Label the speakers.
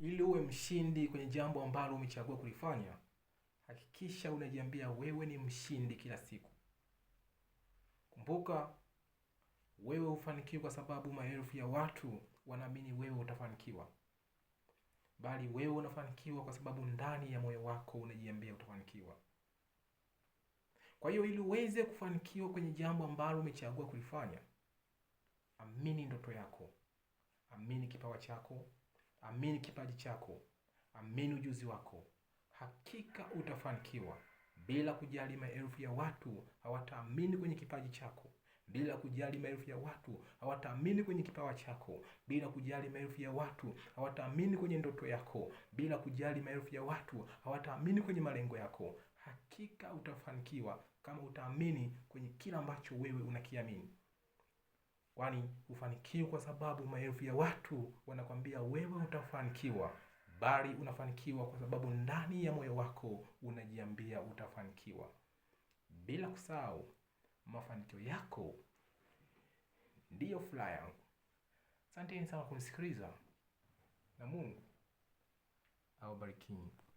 Speaker 1: Ili uwe mshindi kwenye jambo ambalo umechagua kulifanya, hakikisha unajiambia wewe ni mshindi kila siku. Kumbuka, wewe hufanikiwi kwa sababu maelfu ya watu wanaamini wewe utafanikiwa, bali wewe unafanikiwa kwa sababu ndani ya moyo wako unajiambia utafanikiwa. Kwa hiyo, ili uweze kufanikiwa kwenye jambo ambalo umechagua kulifanya, amini ndoto yako, amini kipawa chako amini kipaji chako, amini ujuzi wako. Hakika utafanikiwa bila kujali maelfu ya watu hawataamini kwenye kipaji chako, bila kujali maelfu ya watu hawataamini kwenye kipawa chako, bila kujali maelfu ya watu hawataamini kwenye ndoto yako, bila kujali maelfu ya watu hawataamini kwenye malengo yako. Hakika utafanikiwa kama utaamini kwenye kila ambacho wewe unakiamini. Kwani hufanikiwi kwa sababu maelfu ya watu wanakwambia wewe utafanikiwa, bali unafanikiwa kwa sababu ndani ya moyo wako unajiambia utafanikiwa. Bila kusahau mafanikio yako ndiyo furaha yangu. Asanteni sana kunisikiliza na Mungu barikini